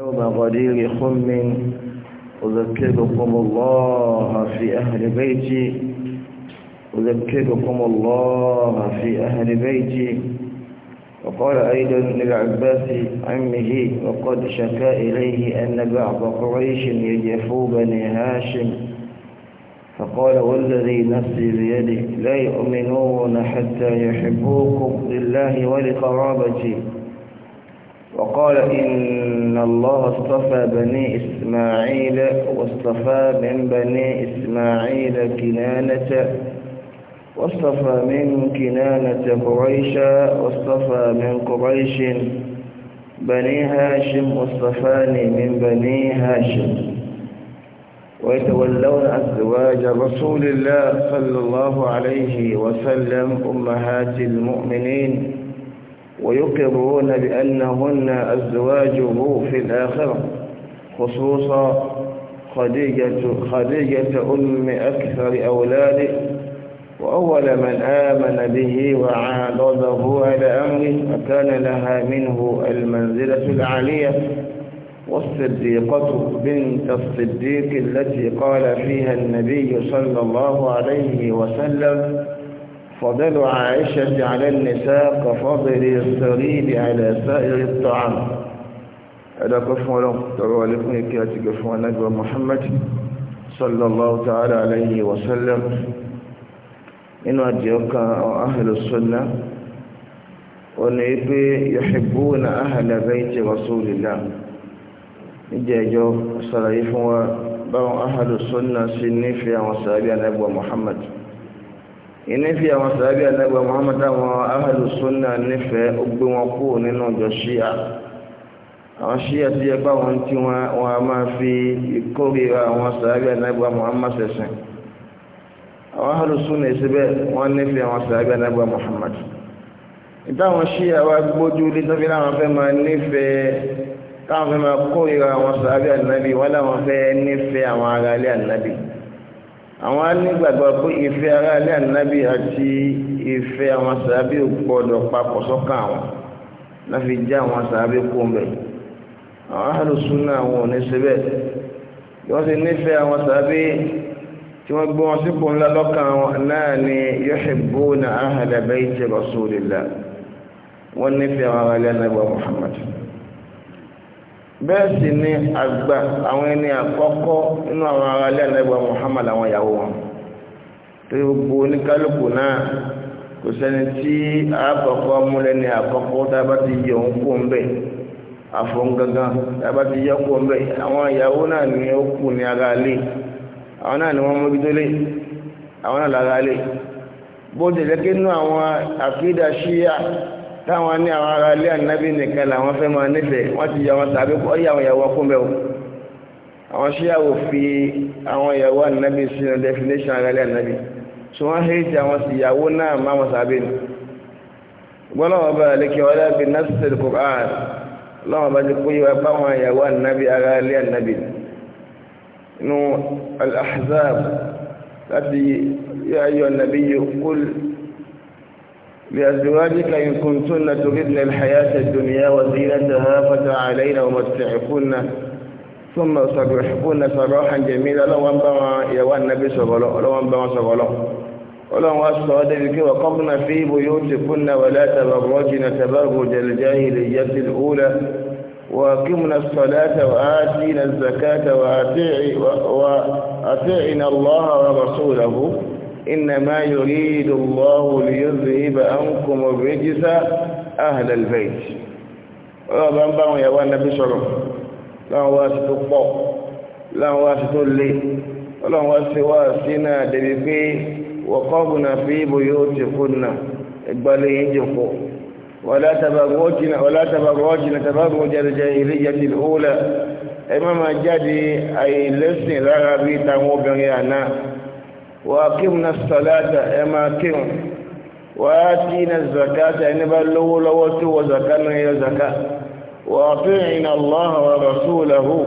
يوم غدير خم أذكركم الله في أهل بيتي أذكركم الله في أهل بيتي وقال أيضا للعباس عمه وقد شكا إليه أن بعض قريش يجفو بني هاشم فقال والذي نفسي بيده لا يؤمنون حتى يحبوكم لله ولقرابتي وقال إن الله اصطفى بني إسماعيل واصطفى من بني إسماعيل كنانة واصطفى من كنانة قريشا واصطفى من قريش بني هاشم واصطفاني من بني هاشم ويتولون أزواج رسول الله صلى الله عليه وسلم أمهات المؤمنين ويقرون بأنهن أزواجه في الآخرة خصوصا خديجة, خديجة أم أكثر أولاده وأول من آمن به وعارضه على أمره فكان لها منه المنزلة العالية والصديقة بنت الصديق التي قال فيها النبي صلى الله عليه وسلم فضل عائشة على النساء كفضل الصليب على سائر الطعام هذا كفو لهم تروا لكم كاتب كفو نجوى محمد صلى الله تعالى عليه وسلم إن أجيوك أهل السنة ونعيبي يحبون أهل بيت رسول الله جو صلى الله عليه وسلم أهل السنة سنين في وسائل محمد ìnífì àwọn sàábì ànágbà muhammad àwọn ahàlù sunna nífẹ̀ẹ́ ó gbé wọn kú nínú ọjọ́ ṣíà àwọn ṣíà ti yẹ pé àwọn tí wọn a máa fi ìkórìíra àwọn sàábì ànágbà muhammad ṣẹ̀sìn àwọn ahàlù sunna ìṣẹ́bẹ̀ wọn nífẹ̀ẹ́ àwọn sàábì ànágbà muhammad ìtàwọn ṣíà wa gbójú lé tó fi láwọn fẹ́ máa nífẹ̀ẹ́ táwọn fẹ́ máa kórìíra àwọn sàábì ànábì wọn láwọn fẹ́ nífẹ̀ẹ́ àwọn aráalé ànábì àwọn anígbàgbọ́ pé ìfẹ́ ará ilé ànábì àti ìfẹ́ àwọn sàábì gbọ́dọ̀ papọ̀ sọ́kàn àwọn láfi já àwọn sàábì kó mbẹ̀ àwọn àlùsúnà àwọn òní síbẹ̀ bí wọ́n ti nífẹ̀ẹ́ àwọn sàábì tí wọ́n gbé wọn sípò ńlá lọ́kàn náà ni yuhibbuna ahla bayti rasulillah wọ́n nífẹ̀ẹ́ àwọn ará ilé ànábì Muhammad bẹ́ẹ̀ sì ni àgbà àwọn ẹni àkọ́kọ́ nínú àwọn ará ilé ànábì Muhammad àwọn ìyàwó wọn tó gbogbo oníkálukú náà kò sẹ́ni tí àkọ́kọ́ múlẹ̀ ní àkọ́kọ́ tá a bá ti yọ òun kó ń bẹ̀ àfọ̀n gangan tá ti yọ kó ń bẹ̀ àwọn ìyàwó náà ni ó kù ní ara ilé àwọn náà ni wọ́n mú lé àwọn náà lára ilé bó tilẹ̀ kí nínú àwọn àkídà ṣíyà táwọn ní àwọn ará ilé ànábì nìkan làwọn fẹ́ máa nífẹ̀ẹ́ wọ́n ti yà wọn tàbí kọ́ yà wọn ìyàwó ọkùnbẹ̀ o àwọn ṣíyàwó fi àwọn ìyàwó ànábì sínú definition ará ilé ànábì tí wọ́n hẹ́ẹ̀tì àwọn ìyàwó náà máa wọn tàbí ni gbọ́lọ́wọ́ bá lékè ọlá bí násìtì Qur'an lọ́wọ́ bá ti kó yíwa báwọn ìyàwó ànábì ará ilé ànábì nínú al láti yá ànábì yìí لأزواجك إن كنتن تردن الحياة الدنيا وزينتها فتعالين ومتعكن ثم صرحكن سراحا جميلا لو أنبع يا النبي صلى الله عليه وسلم ولو أصدقك وقمن في بيوتكن ولا تبرجن تبرج الجاهلية الأولى وقمنا الصلاة وآتينا الزكاة وآتينا الله ورسوله إنما يريد الله ليذهب عنكم الرجس أهل البيت ọba ń bá àwọn ìyàwó anábí sọ̀rọ̀ láwọn wá sí tó pọ̀ láwọn wá sí tó lé ọlọ́run wá sí wá sí náà débi pé wọ̀kọ́bùnà fi ìbò yóò ti kúnnà ìgbàlẹ̀ yìí jòkó ولا تبرجن ولا تبرجن تبرج الجاهلية الأولى ẹ má máa jáde àìlẹ́sìn lára bí tàwọn obìnrin àná وأقمنا الصلاة أما كم وآتينا الزكاة أنبا لو لو تو زكاة يا زكاة وأطيعنا الله ورسوله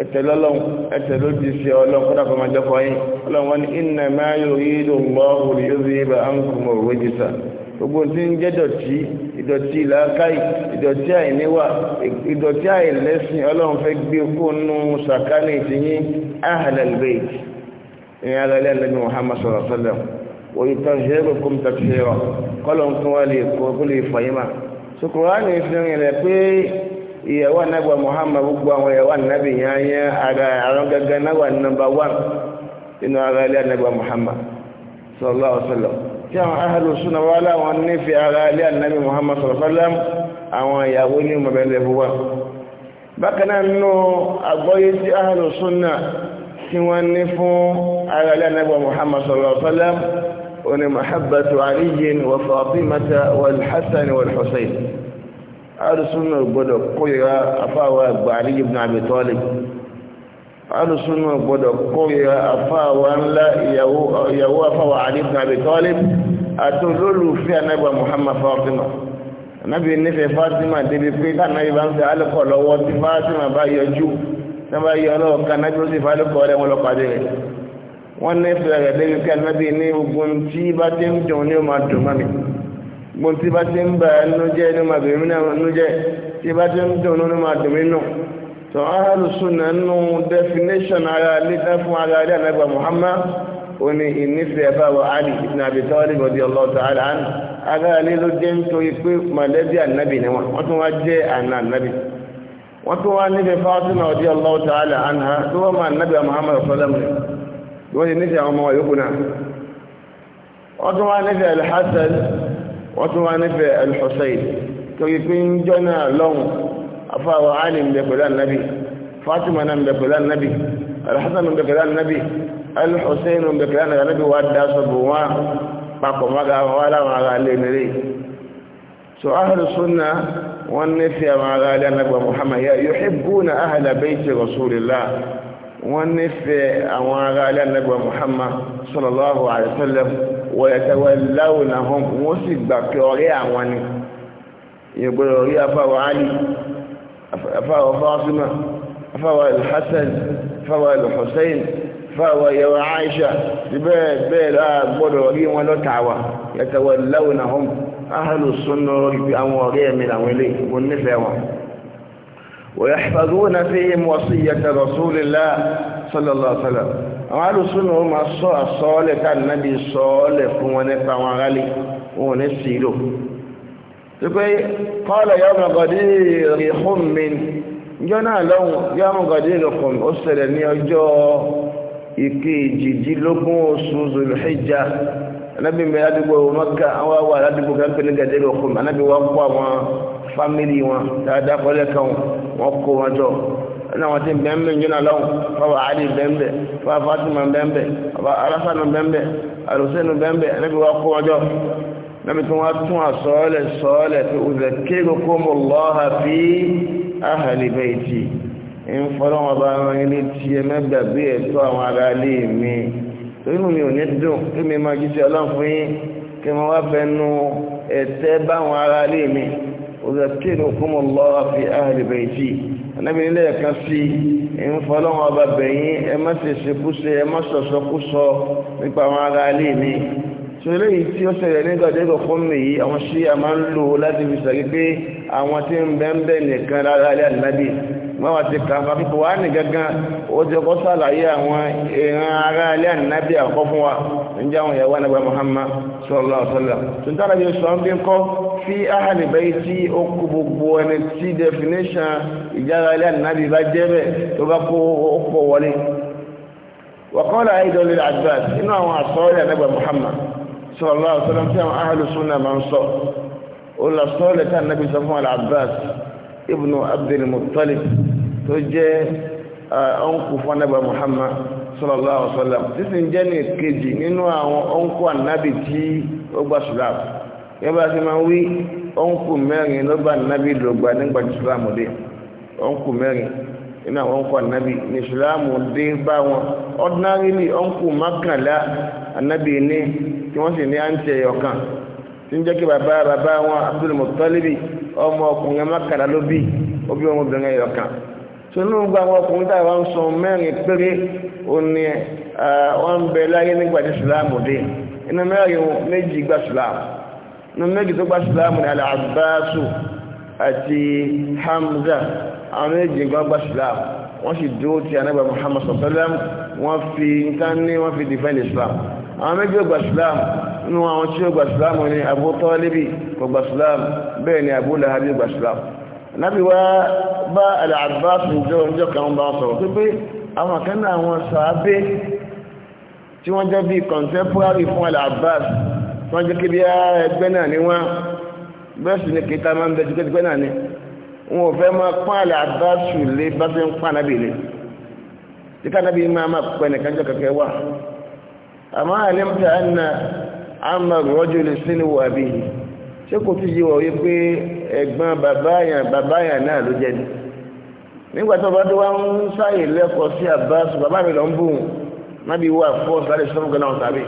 اتلالهم اتلال جسي الله قرأ فما جفعين لو أن إنما يريد الله ليذهب عنكم الرجس gbogbo tí ń jẹ́ dọ̀tí ìdọ̀tí làákàyè ìdọ̀tí àìníwà ìdọ̀tí àìlẹ́sìn ọlọ́run fẹ́ gbé kó nú sàkánì tìyín ahlal ìyẹn lọ lẹ́nu ní Muhammad sallallahu alaihi wasallam òyì tán ṣẹ́rù kún tafsira kọ́lọ̀ ń kún wá lè kó kó lè fàyè mà sukùránì fi rìn rẹ̀ pé ìyàwó anábà Muhammad gbogbo àwọn ìyàwó anábì yẹn yẹn ara àrùn gángan náà wà nọ́mbà wán nínú ara ilé anábà Muhammad sallallahu alaihi wasallam tí àwọn ahàlù súnà wà láwọn nífẹ̀ẹ́ ara ilé anábì Muhammad sallallahu alaihi wasallam àwọn ìyàwó ní mọ̀bẹ̀lẹ̀ fún wa bákan náà nínú àgbọ́yé tí ahàlù súnà tí wọ́n ní fún ayọ̀lẹ́ anábọ̀ Muhammad sallallahu alaihi wasallam oní mahabbatu aliyin wa fatimata wal hassan wal hussein alùsùnà gbọ́dọ̀ kóyìra afáwà àgbà aliyu ibn abi talib alùsùnà gbọ́dọ̀ kóyìra afáwà ńlá ìyàwó afáwà aliyu ibn abi àti olólùfẹ́ anábọ̀ Muhammad fatima anábì nífẹ̀ẹ́ fatima débi pé tánàbì bá ń fẹ́ lọ́wọ́ tí fatima bá yọjú sábà yọ ọlọ́wọ́ kan náà tó sì fálùkọ́ rẹ̀ wọn lọ pàdé rẹ̀ wọ́n nífẹ̀ẹ́ rẹ̀ débi ká nábì ní gbogbo tí bá ti ń dùn ní o máa dùn mọ́ mi gbogbo tí bá ti ń bà á nínú jẹ́ ní o máa náà nínú jẹ́ tí bá ti ń dùn ní o máa mí nù tó ahàlùsùn náà nù definition ara lídá fún ara rẹ̀ ànágbà Muhammad oni ìnífẹ̀ẹ́ báwo ali ibn abi talib radiyallahu ta'ala anhu ara rẹ̀ ló jẹ́ nítorí pé mọ̀lẹ́bí ànábì ni wọ́n wọ́n tún wá jẹ́ àná ànábì wọ́n tó wá níbi Fatima radiyallahu ta'ala anha tó wọ́n máa nábi Muhammad sọ́lẹ́mù wọ́n ti níbi àwọn ọmọ yòókù náà wọ́n tó wá níbi al-Hasan wọ́n tó wá níbi al tó yí pé ń jọ afáwọ̀ Ali ń bẹ pẹ̀lú ànábì Fatima náà ń bẹ pẹ̀lú ànábì al-Hasan ń dá sọ́bù wọn papọ̀ mọ́gà wọn láwọn ará wọ́n nífẹ̀ẹ́ àwọn ará alẹ́ anábì muhammad yuhibbuna ahla bayti rasulillah wọ́n nífẹ̀ẹ́ àwọn ará alẹ́ anábì muhammad sallallahu alaihi wasallam wa yatawallawnahum wọ́n sì gbà pé ọ̀rẹ́ àwọn ni ìgbèrò rí afáwọ̀ ali afáwọ̀ fatima afáwọ̀ alhassan afáwọ̀ alhussein fáwọn ìyàwó aisha ti bẹ́ẹ̀ bẹ́ẹ̀ láà gbọ́dọ̀ rí wọn lọ́tàwà yatawallawnahum ahàlù súnà ibi àwọn ọ̀rẹ́ ẹ̀mí làwọn ilé ìgbò nífẹ̀ẹ́ wọn ويحفظون فيهم وصية رسول الله صلى الله عليه وسلم àwọn alùsùnà ó máa sọ àsọọ́lẹ̀ tá nàbí sọọ́lẹ̀ fún wọn nípa àwọn aráàlú wọn ò ní sí ìlò wípé kọ́ọ̀lẹ̀ yọmọ gọ̀dí rí fún mi ìjọ anabi mẹ adigun ọwọ maka àwọn awọ aládùúgbò kan pẹ̀lú gàdé lọ kọ anabi wa kó àwọn fámìlì wọn dáadáa kọlẹ kan wọn kó wọn jọ ẹnna wọn ti bẹnbẹ njọna lọhùn fáwọn ali bẹnbẹ fáwọn fatima bẹnbẹ fáwọn alasanu bẹnbẹ alùsẹnu bẹnbẹ anabi wa kó wọn jọ anabi tí wọn tún asọọlẹ sọọlẹ fi ọsẹ kéèkó kó mọ fi ahàlì bẹyìí ti ń fọlọ́wọn bá wọn ilé tiẹ̀ mẹ́gbàgbé ẹ̀tọ́ àwọn ará ilé mi inú mi ò ní dùn kí mi máa jíṣẹ́ ọlọ́run fún yín kí wọ́n wá bẹnu ẹ̀tẹ́ báwọn ará ilé mi òzàkínú kúmọ̀ lọ́wọ́ fi ahli bayti anábì nílẹ̀ kan sí ń fọlọ́wọ́n ọba bẹ̀yìn ẹ má ṣe ṣekúṣe ẹ má sọ̀sọkúsọ nípa àwọn ará ilé mi ṣòro yìí tí ó ṣẹlẹ̀ wọ́n wá ti kàn fàbí kò wá ní gangan ó ti kọ́ sàlàyé àwọn èèyàn ará ilé ànábì àkọ́ fún wa níjẹ́ àwọn ìyàwó ànábì Muhammad sallallahu alaihi wasallam tún tára bí sọ ń bí kọ́ sí ahli bayti ó kó gbogbo ẹni tí definition ìjára ilé ànábì bá jẹ́ bẹ́ẹ̀ tó bá kó pọ̀ wọlé وقال أيضا للعباس إنه هو الصالح نبي محمد صلى الله عليه وسلم كان أهل السنة منصور ولا الصالح النبي صلى الله ابن عبد المطلب tó jẹ́ ọ̀nkù fọ́nàbà Muhammad sallallahu alaihi wasallam títí jẹ́ ní kejì nínú àwọn ọ̀nkù ànábì tí ó gba islam yẹ́bà sí máa wí ọ̀nkù mẹ́rin ló gba ànábì lògbà nígbà islam dé ọ̀nkù mẹ́rin nínú àwọn ọ̀nkù ànábì ní islam bá wọn ordinarily ọ̀nkù mọ́kànlá ànábì ní tí wọ́n sì ní àǹtí ẹ̀yọ̀ kan tí ń jẹ́ kí bàbá bàbá wọn Abdul ọmọ ọkùnrin sonu gba àwọn ọkùnrin táwọn wá ń sọ mẹ́rin péré òní wọ́n ń bẹ láyé nígbà tí sùlámù dé inú mẹ́rin méjì gba sùlámù inú méjì tó gba sùlámù ní alábáṣù àti Hamza àwọn méjì gan gba sùlámù wọ́n sì dúró ti anábà Muhammad sọ̀tọ́lẹ́m wọ́n fi nǹkan wọ́n fi defend Islam àwọn méjì gba sùlámù inú àwọn tí ó gba sùlámù ní Abu Talibi kò gba sùlámù bẹ́ẹ̀ ni Abu Lahabi gba sùlámù nábi wá bá al-Abbas jọ ọjọ́ kan bá sọ̀rọ̀ pé pé àwọn kan náà wọn sàábé tí wọ́n jẹ́ bí contemporary fún al wọ́n jẹ́ kí bí ẹgbẹ́ náà ni wọ́n bẹ́ẹ̀ sì ni kìtà máa ń bẹ náà ni wọn ò fẹ́ máa pọ́n al-Abbas lé bá ti ń pọ́n nábì lé títà nábì máa máa pẹ́ nìkan jọ kẹ́kẹ́ wà àmọ́ àlẹ́mtà ẹ̀gbọ́n bàbá yàn bàbá yàn náà ló jẹ́ ni nígbà tó bá tó wá ń sáyè lẹ́kọ̀ọ́ sí Abbas bàbá mi lọ ń bùn nábì wà fọ́ sáré sọ́mù kan náà sàbẹ̀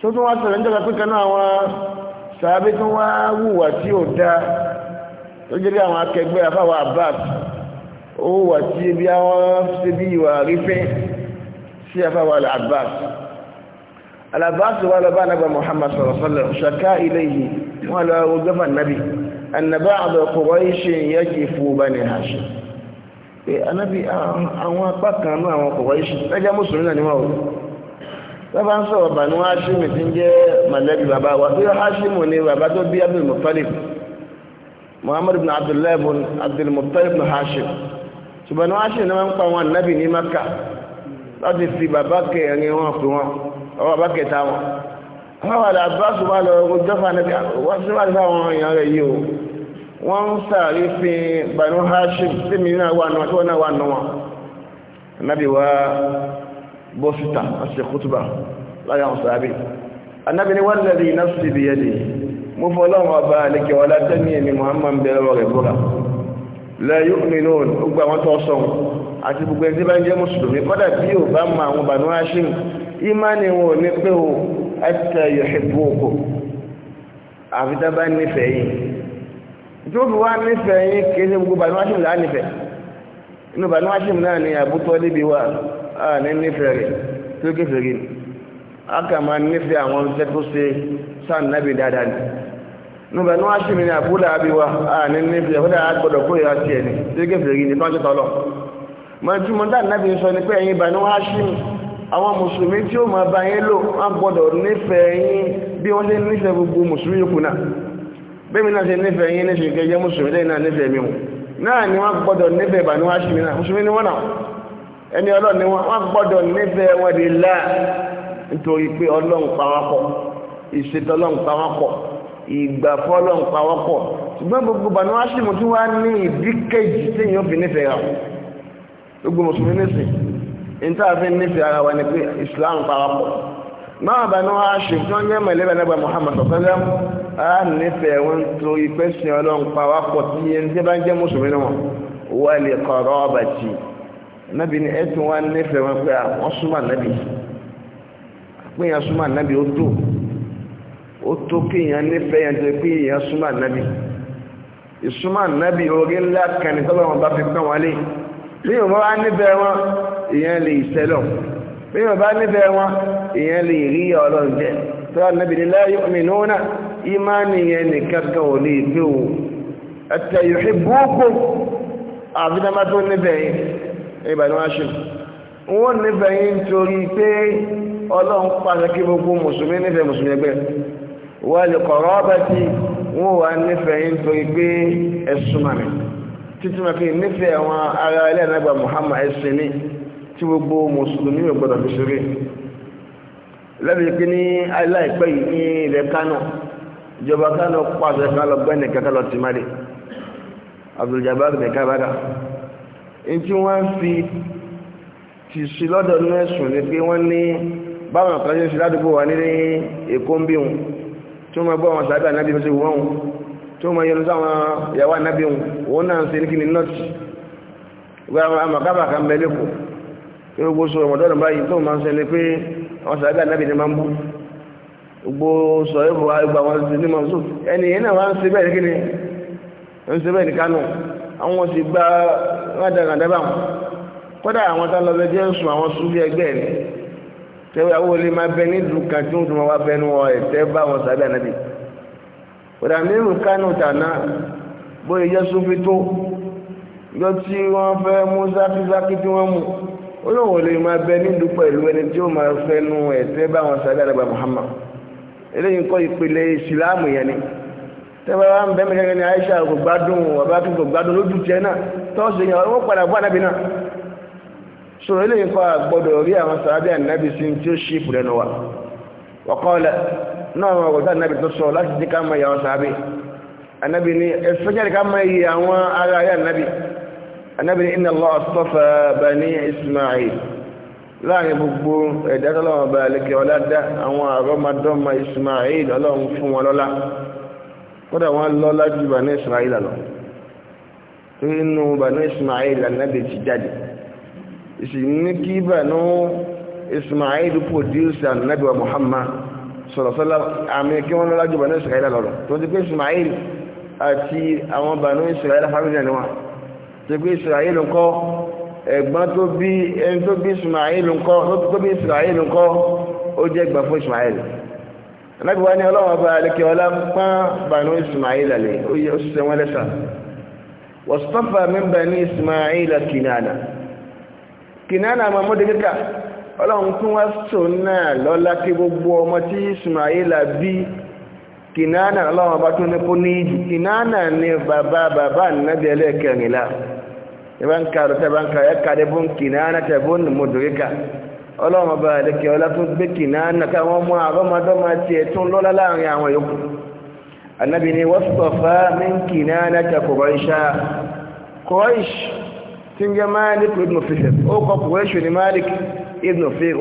tó tún wá sọ̀rọ̀ níjọba pé kan náà àwọn sàbẹ̀ tó wá wùwà tí ò dáa tó jẹ́ bí àwọn akẹgbẹ́ afáwọ̀ Abbas ó wà tí ebi àwọn ṣe bí ìwà rífẹ́ sí afáwọ̀ Abbas al wà lọ bá nàgbà Muhammad sallallahu alaihi ilé yìí wọ́n lọ wo gọ́fà nábì ànàbá àbẹ̀ Quraishi yajifu Bani Hashim pé anábì àwọn apá kan náà àwọn Quraishi lẹ́jẹ́ mùsùlùmí náà níwọ̀n o bàbá ń sọ̀rọ̀ Banu Hashim ti ń jẹ́ mọ̀lẹ́bí bàbá wa bí Hashim ni bàbá tó bí Abdul Muttalib Muhammad ibn Abdullah wọ́n láti fi bàbá kẹrin wọn pè wọn ọwọ́ bàbá kẹta wọn wọ́n wà lábáṣù wà lọ ogun jọ́fà níbi wọ́n sí wà nípa èèyàn rẹ̀ yìí o wọ́n ń sàárí fi Banu Hashim tí mi náà wà náà tí wọ́n náà wà náà wọn anábì wá bọ́ síta wọ́n sì kútùbà láyé àwọn sàábì anábì ni wọ́n lẹ́rìí iná sí ibi yẹ́dì mú fọ́ lọ́wọ́ ọba àlekè wọ́n látẹ́mí Muhammad bẹ̀rẹ̀ rẹ̀ bọ́ra lẹ́yìn òmìnira gbogbo àwọn tó sọ àti gbogbo ẹni tí bá ń jẹ́ mùsùlùmí kọ́dà bí ò bá mọ àwọn Banu Hashim ìmánì wọn ò ní pé o ẹ̀tẹ̀ yòṣèpù òkò àfitábá nífẹ̀ẹ́ yìí tí ó fi wá nífẹ̀ẹ́ yìí kìí ṣe gbogbo bàánú wáṣìmù láà nífẹ̀ẹ́ inú bàánú wáṣìmù náà ni àbútọ́ níbi wà á ní nífẹ̀ẹ́ rẹ̀ tí ó kéfèé rí a kà máa nífẹ̀ẹ́ àwọn tẹ́kọ́ ṣe sáà nábì dáadáa ni inú bàánú wáṣìmù ni àbúlà àbí wà á ní nífẹ̀ẹ́ kódà á gbọdọ̀ kó ìhà tiẹ̀ ni tí ó kéfèé rí ni fáńtì tọ́lọ̀ mọ̀túmọ̀ dáadáa nábì àwọn mùsùlùmí tí ó máa bá yín lò á gbọ́dọ̀ nífẹ̀ẹ́ yín bí wọ́n lé nífẹ̀ẹ́ gbogbo mùsùlùmí yòókù náà bẹ́mi náà ṣe nífẹ̀ẹ́ yín níṣe kẹjẹ́ mùsùlùmí lẹ́yìn náà nífẹ̀ẹ́ mi náà ni wọ́n gbọ́dọ̀ nífẹ̀ẹ́ bà ní wọ́n mi náà mùsùlùmí ni wọ́n náà ẹni ọlọ́run ni wọ́n gbọ́dọ̀ nífẹ̀ẹ́ wọn di láà nítorí pé ọlọ́run pa wọ́n pọ̀ ìṣètò ọlọ́run pa wọ́n pọ̀ ìgbàfọ́ ọlọ́run pa wọ́n pọ̀ ṣùgbọ́n gbogbo bà ìtàfin nífẹ̀ẹ́ ara wa islam parapọ̀ máa bá ní wọ́n á ṣe tí wọ́n yẹ́ mọ̀lẹ́bẹ̀ nígbà wọn tó ipẹ́ sin ọlọ́run parapọ̀ tí yẹn tí bá ń jẹ́ mùsùlùmí ni wọn wà lè kọ̀rọ̀ ọba jì ya n'abi. èèyàn lè sẹ́lọ̀ bí wọ́n bá nífẹ̀ẹ́ wọn èèyàn lè rí ọlọ́run jẹ́ tó wà níbi nílá yu'minuna ìmáàni yẹn nìkan kan ò lè gbé o ẹ̀tẹ̀ yòókì búkú àbídámá pé títí nífẹ̀ẹ́ wọn ara ilẹ̀ Muhammad ẹ̀sìn tí gbogbo mùsùlùmí ò gbọdọ̀ fi ṣeré lẹ́bìí pé ní aláìpẹ́ yìí ní ilẹ̀ kánò ìjọba kánò pàṣẹ kan lọ gbẹ́ nìkan kan lọ tì má dé Abdul-Jabbar nìkan bá dà ní tí wọ́n fi ti sí lọ́dọ̀ ní ẹ̀sùn ni pé wọ́n ní báwọn kan ṣe ń ṣe ládùúgbò wa nílé èkó ń bí wọn tó máa bọ́ àwọn sàábà nábì ṣe wọ́n wọn tó máa yẹnu sáwọn ìyàwó ànábì wọn wọn náà ń ṣe ní kí ni gbogbo àwọn àmàkábà kan bẹ lẹ́kọ̀ọ́ gbogbo sọ ọmọdọ́nà báyìí tó máa ń ṣẹlẹ̀ pé àwọn sàbí ànábì ni máa ń bú gbogbo sọ ẹ̀rọ àgbà wọn ti ní mọ̀sù ẹni yẹn náà wọ́n bẹ́ẹ̀ kí ni ń ṣe bẹ́ẹ̀ ní kánò àwọn sì gba rádàràdàbà wọn kódà àwọn tá lọ lẹ́jẹ́ ń sùn àwọn súnbí ẹgbẹ́ ẹ̀ tẹ́wé àwọn olè máa bẹ nílùú kan tí wọ́n tún máa wá bẹnu wọn ẹ̀tẹ́ bá wọn sàbí ànábì kódà nínú kánò tàná bóyá jẹ́ súnfí tó yọ tí wọ́n fẹ́ mú sáfífákí tí wọ́n mú onye olè máa bẹ nílùú pẹ̀lú ẹni tí ó máa fẹ́nu ẹ̀tẹ́ báwọn sáré àdàgbà Muhammad eléyìí kọ́ ìpele ìsìláàmù yẹn ni tẹ́wọ́ wa ń bẹ́ẹ̀ mẹ́kẹ́kẹ́ ní Aisha kò gbádùn ọba tó kò gbádùn lójú tiẹ̀ náà tọ́sí yẹn wọ́n padà bọ́ ànábì náà so eléyìí kọ́ àgbọ̀dọ̀ rí àwọn sáré ànábì sí tí ó ṣe ìpìlẹ̀ nù wa wọ́kọ́lẹ̀ náà na kò anábìrin inna Allah astafa bani Ismail láàrin gbogbo ẹ̀dá tọ́lọ́wọ́ bá ẹlẹ́kẹ́ ọládá àwọn àrọ́mọdọ́mọ Ismail ọlọ́run fún wọn lọ́lá kódà wọ́n lọ́lá ju bani Ismail lọ torí inú bani Ismail anábì ti jáde ìsì ní kí bani Ismail produce anábì wa Muhammad sọ̀rọ̀sọ́lá àmì kí wọ́n lọ́lá ju bani Ismail lọ tó ti pé Ismail àti àwọn bani Ismail ṣe pé Israel ńkọ́ ẹ̀gbọ́n tó bí ẹni tó bí Ismail ńkọ́ tó bí Israel ńkọ́ ó jẹ́ ẹ̀gbọ́n fún Ismail anábì wa ní ọlọ́run ọba àlekè ọlá pọ́n bànú Ismail àlè ó yẹ ó ṣiṣẹ́ wọn lẹ́sà wọ́sítọ́fà mẹ́mbà ní Ismail kìnàna kìnàna àmọ́ mọ́dẹ́kẹ́kà ọlọ́run tún wá sọ náà lọ́lá kí gbogbo ọmọ tí Ismail bí kìnàna ọlọ́run ọba tún ní kó ní ìjì kìnàna ní bàbá bàbá ànábì ẹlẹ́kẹrìnlá ìbáǹkà rẹ̀ tẹ́báǹkà ẹ̀ka dẹ́bùn kìnnà tẹ́bùn mọ̀dúríkà ọlọ́run ọba àdékẹ́ ọlá tún gbé kìnnà káwọn mọ àbọ́mọdọ́mọ tiẹ̀ tún lọ́lá láàrin àwọn yòókù anábì ni wọ́n sọ̀fà mí kìnnà tẹ́ kùrọ̀ṣà kùrọ̀ṣ tí ń jẹ́ malik ibn fisir ó kọ kùrọ̀ṣ ní malik ibn fisir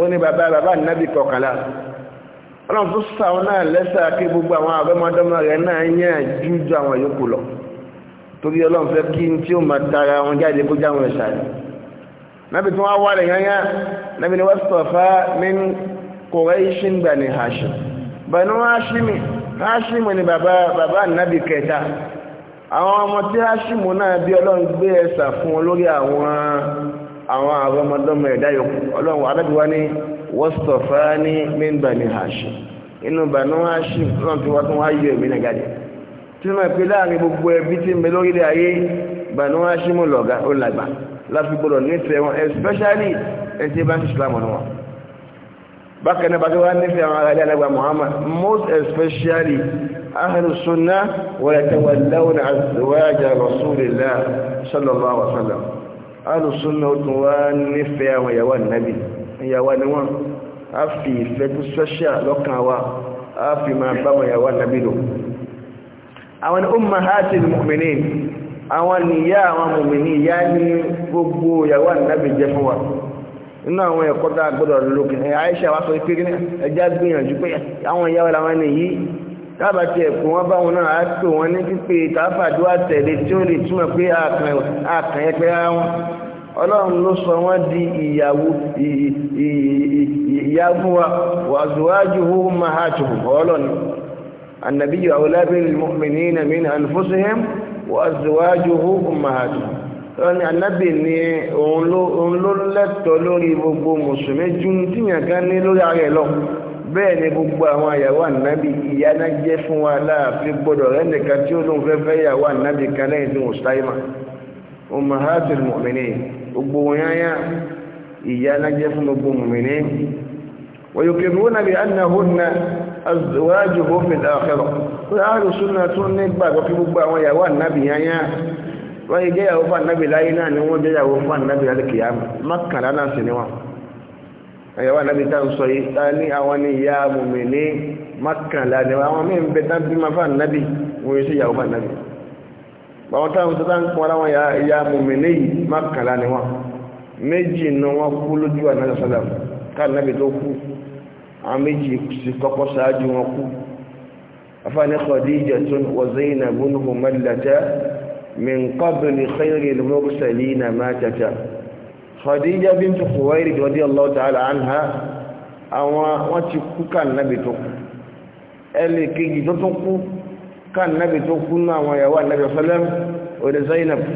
ó tún sàwọn náà lẹ́sà kí gbogbo àwọn àbọ́mọdọ́mọ rẹ̀ náà yẹn àwọn yòókù lọ torí ọlọ́run fẹ́ kí tí ó máa tara wọn jáde kó jáwọn ẹ̀ṣà ni nábi tí wọ́n wá rẹ̀ yányá nábi ni wọ́n sọ̀fá min Qurayshin Bani Hashim Banu Hashimi Hashimi ni bàbá bàbá nábi kẹta àwọn ọmọ tí Hashimi náà bí ọlọ́run gbé ẹ̀ṣà fún wọn lórí àwọn àwọn àwọn ọmọdọ́mọ ẹ̀dá yòókù ọlọ́run adájúwá ní wọ́n sọ̀fá ní min Bani Hashim inú Banu Hashim náà tí wọ́n tún wá yọ èmi náà tí wọ́n pe láàrin gbogbo ẹbí tí ń bẹ lórílẹ̀ ayé Banu Hashim lọ̀gá ó làgbà láti gbọ́dọ̀ nífẹ̀ẹ́ wọn especially ẹni tí bá ń ṣùgbọ́n àmọ́ wọn bákan náà bá wá nífẹ̀ẹ́ àwọn ará alẹ́gbà Muhammad most especially ahlu sunnah wa yatawallawna azwaja rasulillah sallallahu alaihi wasallam ahlu sunnah ó tún wá nífẹ̀ẹ́ àwọn ìyàwó ànábì ìyàwó ni wọ́n á fi ìfẹ́ tó special lọ́kàn wa àwọn ummahatil mu'minin àwọn nìyá àwọn mùmìnì ìyá ní gbogbo ìyàwó ànábì jẹ́ fún wa inú àwọn ẹ̀kọ́ tá a gbọ́dọ̀ lókè Àìṣà wá sọ pé kí ẹjá gbìyànjú pé àwọn ìyàwó làwọn nìyí tábà tí ẹ̀kùn wọn báwọn náà á tò wọn ní pípé tàbàdúrà tẹ̀lé tí ó lè túmọ̀ pé àkàn ẹgbẹ́ ara wọn ọlọ́run ló sọ wọ́n di ìyàwó ìyàwó wàzúwájú hó máa hàtùkù ọlọ́ni النبي أولى بالمؤمنين من أنفسهم وأزواجه أمهاتهم wọ́n anábì ni òun ló lẹ́tọ̀ lórí gbogbo mùsùlùmí ju tíyàn kan ní lórí ara ẹ̀ lọ bẹ́ẹ̀ ni gbogbo àwọn àyàwó ànábì ìyá náà jẹ́ fún wa láàfin gbọ́dọ̀ rẹ̀ nìkan tí ó lóun fẹ́ fẹ́ yàwó ànábì kan lẹ́yìn tí wọ́n sáyé mà ummahatul mu'minin gbogbo wọn yáyá ìyá náà jẹ́ fún gbogbo mùmìnì wọ́n yóò kẹ́mi wọ́n nàbì annahunna azwaju bofin akhira láàrù súnà tún nígbàgbọ́ kí gbogbo àwọn ìyàwó ànábì yányá wọ́n yìí jẹ́yàwó fún ànábì láyé náà ni wọ́n jẹ́yàwó fún ànábì alìkìyàmù mọ́kànlá náà sì ni wọ́n ìyàwó ànábì tá ń sọ yìí tá ní àwọn ní ìyá mùmí ní mọ́kànlá ni àwọn míì ń bẹ tá bí ma fún ànábì wọ́n yìí sí ìyàwó fún ànábì báwọn táwọn tó tán kún àwọn ìyá mùmí ní yìí mọ́kànlá ni wọ́n méjì ni wọ́n kú lójú ànábì sọ́dà ká ànábì tó kú àwọn méjì sì kọ́kọ́ ṣáájú wọn kú afáàní khadijatun wa zainabun humallata min qabli khayril mursalina matata khadija bintu khuwailid radiyallahu ta'ala anha àwọn wọ́n ti kú kan nabi tó kú ẹlẹ́ kejì tó tún kú kan nabi tó kú náà àwọn ìyàwó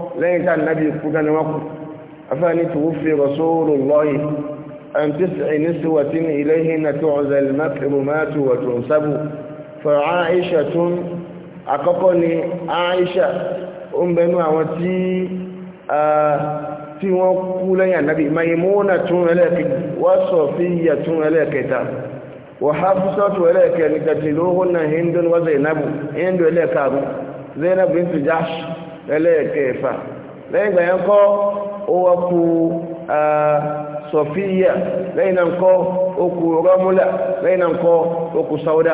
lẹ́yìn tá nàbí ikú gani wọ́n kú afẹ́ni tó fi rọ̀sọ́rọ̀ lọ́yìn àǹtísì níṣìwàtí ní ilé hìnà tó ọ̀zẹ̀lmátìrùmátì wà tó ń sábù fún Aisha tún àkọ́kọ́ ni Aisha ó ń bẹnu àwọn tí tí wọ́n kú lẹ́yìn ànábì Maimuna tún ẹlẹ́ẹ̀kejì wa wa Hafsa tún ẹlẹ́ẹ̀kẹrin katiluhunna Hindun wa Zainabu Hindu ẹlẹ́ẹ̀karùn-ún Zainabu bint Jahsh lẹ́lẹ́ẹ̀kẹfà lẹ́yìn ìgbà yẹn kọ́ ó wá kú sọfíyà lẹ́yìn náà kọ́ ó kú rọ́múlà lẹ́yìn náà kọ́ ó kú sáúdà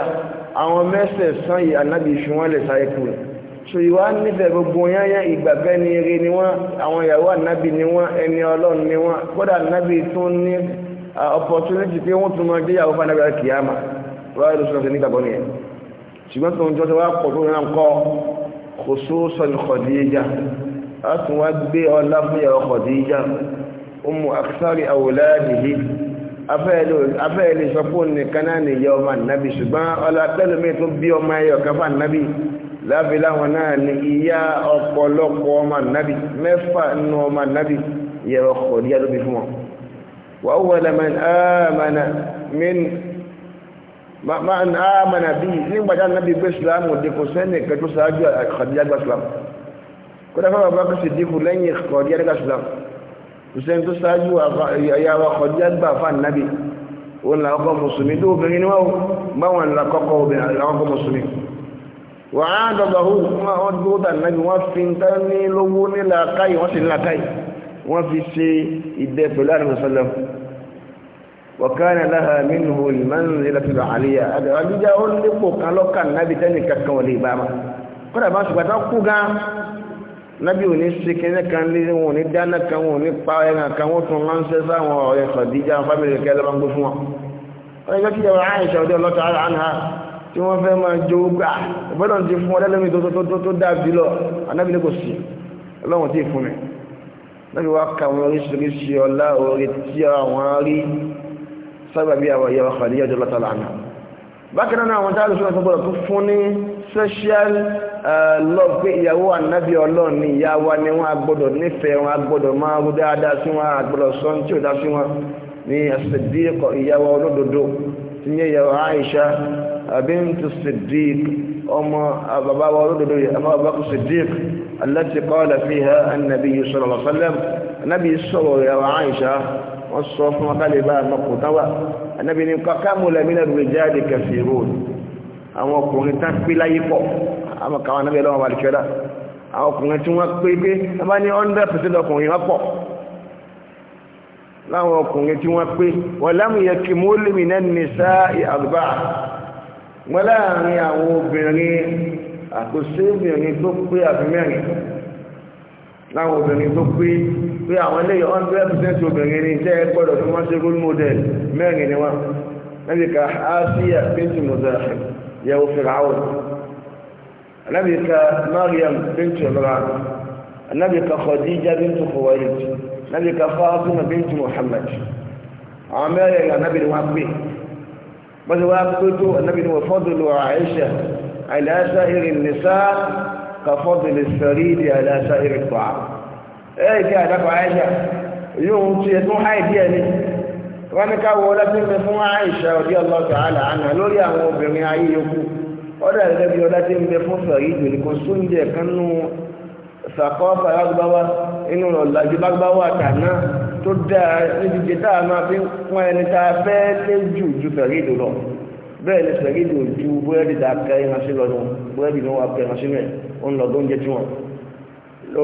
àwọn mẹ́sẹ̀sán yìí anábì ìṣúwọ́n lè sáré kú so ìwà nífẹ̀ẹ́ gbogbo yányá ìgbàgbẹ́ ni eré ni wọ́n àwọn ìyàwó ànábì ni wọ́n ẹni ọlọ́run ni wọ́n kódà ànábì tún ní opportunity pé wọ́n tún máa jẹ́ ìyàwó fún anábì kìyàmà wọ́n á lọ sọ́dọ̀ sí nígbàgbọ́ nìyẹn ṣùgbọ́n tó ń jọ́ sọ wá pọ̀ tó ń rán kọ́ khususan Khadija a tún wá gbé ọlá fún yàwó Khadija umu aksari awladihi afẹ́ ilé sọpọ̀ nìkan náà ni yọ ọmọ annabi ṣùgbọ́n ọlá pẹ́lúmí tó bí ọmọ ẹyọ kafa annabi lábílá wọn náà ni ìyá ọ̀pọ̀lọpọ̀ ọmọ annabi mẹ́fà nínú ọmọ annabi yẹ̀rọ Khadija ló bí fún wọn wà ó wọ́n lẹ́mọ̀ máa ń àmàna bí nígbàjá nàbí gbé sùlámù dìkù sẹ́nì kẹjọ sáájú àkàdíyà gbà sùlámù kódà fún bàbá kìsì dìkù lẹ́yìn kọ̀díyà gbà sùlámù hussein tó sáájú àyàwó kọ̀díyà gbà fún ànábì òun là ọkọ̀ mùsùlùmí tó obìnrin ni wọ́n báwọn là kọ́kọ́ obìnrin là ọkọ̀ mùsùlùmí wọ́n á dọ̀gbà hù wọ́n dúró dà nàbì wọ́n fi ń tán ní lówó nílà káyì wọ́n sì nílà káyì wọ́n fi ṣe ìdẹ pẹ̀lú àdàmọ̀sálẹ́mù wọ̀kánà láha mínú ìmánilẹ́tìlá àlíyà àdìjá ó nípò kan lọ́kà nábi tẹ́nì kankan wọlé ìbámu kọ́dà bá ṣùgbọ́n tó kú gan nábi ò ní ṣe kẹ́nẹ́ kan lé wọn ní dáná kan wọn ní pa ẹran kan wọn tún ránṣẹ́ sáwọn ọ̀rẹ́ sọ̀díjà fámìlì kẹ́ lọ́ba ń gbé fún wọn. ọ̀rẹ́ ìjọ kíjà wọn àìṣà ọdẹ ọlọ́tọ̀ ara àná tí wọ́n fẹ́ máa jó sábàbí àwọn ìyàwó Khadija jọlọ tààlà àná bákan náà àwọn táàlù sọ́nà tọ́gbọ̀rọ̀ tó fún ní social uh, love pé ìyàwó ànábì ọlọ́run ni ìyá wa ni wọ́n agbọ́dọ̀ nífẹ̀ẹ́ wọn agbọ́dọ̀ máa rú dáadáa sí wọn agbọ́dọ̀ sọ tí ò dá sí wọn ní as-Siddiq ìyàwó olódodo tí ní ìyàwó Aisha uh, bint as-Siddiq ọmọ uh, bàbá wa wọ́n sọ fún akálẹ̀ bá àmọ́kù táwà anábì ní kọ́kàmù lẹ́mínà rìjáde kẹfìrò àwọn ọkùnrin tán pé láyé pọ̀ àwọn kàwọn anábì ọlọ́wọ́ wà lùkẹ́dà àwọn ọkùnrin tí wọ́n pé pé wọ́n bá ní 100% ọkùnrin wọ́n pọ̀ láwọn ọkùnrin tí wọ́n pé wọ́n lámù láwọn obìnrin tó pé pé àwọn ilé hundred percent obìnrin ní iṣẹ́ gbọ́dọ̀ ní wọ́n ṣe role model mẹ́rin ni wọ́n lẹ́bi ká Asiya bíntu wo yẹ̀wò Fir'aun lẹ́bi ká Mariam bíntu Imran lẹ́bi ká Khadija bíntu Khuwailid lẹ́bi ká Fatima bíntu Muhammad àwọn mẹ́rin ni ànábì ni wọ́n pè bọ́sẹ̀ wọ́n pé tó ànábì ni wọ́n fadlu Aisha ala sa'iri nisa ka fadli as-sarid ala sa'iri at-ta'am ẹ̀ kí àdàpọ̀ àìṣà yóò ti ẹ̀ tún háì díẹ̀ ni wọ́n ní ká wọ ọlọ́tí mi fún àìṣà ọ̀dí ọlọ́tọ̀ àlà àná lórí àwọn obìnrin ayé yòókù ọ̀dọ̀ ẹ̀rẹ́ bí ọlọ́tí mi fẹ́ fún sọ̀rí ìdòlì kò sóúnjẹ kan nú sàkọ́fà lágbáwá inú ọ̀làjú lágbáwá àtàná tó dáa níbi jẹ tá a máa fi pọ́n ẹni tá a fẹ́ lé jù ju sọ̀rí ìdò lọ bẹ́ẹ̀ ni sọ̀rí ìdò ju búrẹ́dì dà ìránṣẹ́ lọ́dún búrẹ́dì ló wà kẹ́ ìránṣẹ́ mẹ́ ó ń lọ tí wọ́n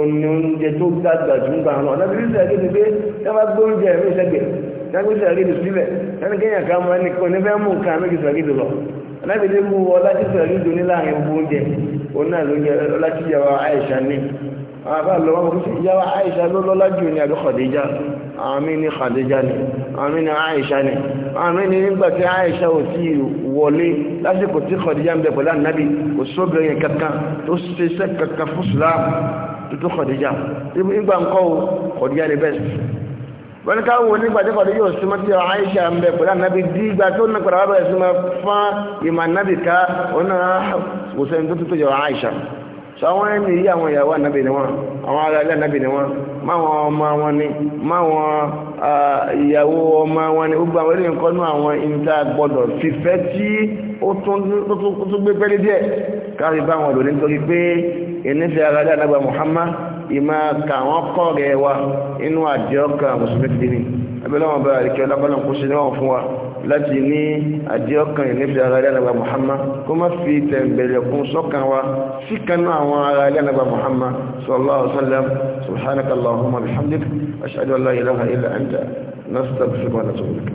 ní oúnjẹ tó gbàgbà jù ń gbà wọn ọ̀nà bíbí sẹ́yà kéde pé dábàá gbé oúnjẹ ẹ̀mí sẹ́gbẹ̀ dábàá sẹ́yà kéde sílẹ̀ ẹni kéèyàn ká mọ ẹni kan nífẹ̀ẹ́ mú nǹkan méjì sẹ́yà kéde lọ ọ̀nàbìdé mú ọlá tí sẹ́yà kéde ní láàrin gbogbo oúnjẹ òun náà ló ń jẹ ọlá tí yàrá Àìṣà ní àwọn àbá lọ́wọ́ mo fi yàrá Àìṣà ló lọ́lá jù ní àbí Khadija àmì ní Khadija tuntun kọ̀díjà ìgbà ń kọ́ o kọ̀díjà ni bẹ́ẹ̀ wọ́n ká wo nígbà tí kọ̀díjà yóò súnmọ́ tí Àìṣà ń bẹ pẹ̀lú ànábi dí ìgbà tó ní pẹ̀lú àbẹ̀rẹ̀ súnmọ́ fún ìmọ̀ ànábi ká òun náà wò sẹ́ni tó tuntun yọ Àìṣà sọ àwọn ẹni yí àwọn ìyàwó ànábi ni wọn àwọn ará ilé ànábi ni wọn máwọn ọmọ wọn ni máwọn ìyàwó ọmọ wọn ni gbogbo àwọn eléyìí kọ́nú àwọn ìta gbọ́dọ̀ fífẹ́ tí ó tún gbé pẹ́lẹ́ díẹ̀ káàrí bá wọn lò nítorí pé ìníṣẹ́ ara dá nàgbà Muhammad ìmá ka àwọn kọ́ rẹ̀ wa inú àjẹ́ ọkà mùsùlùmí dìní abẹ́lẹ́wọ̀n bá àríkẹ́ ọlápàá kó ṣe níwọ̀n fún wa láti ní àjẹ́ ọkàn ìníṣẹ́ ara dá nàgbà Muhammad kó má fi tẹ̀m̀bẹ̀rẹ̀ kún sọ́kàn wa síkanú àwọn ara dá nàgbà Muhammad sallallahu alaihi wasallam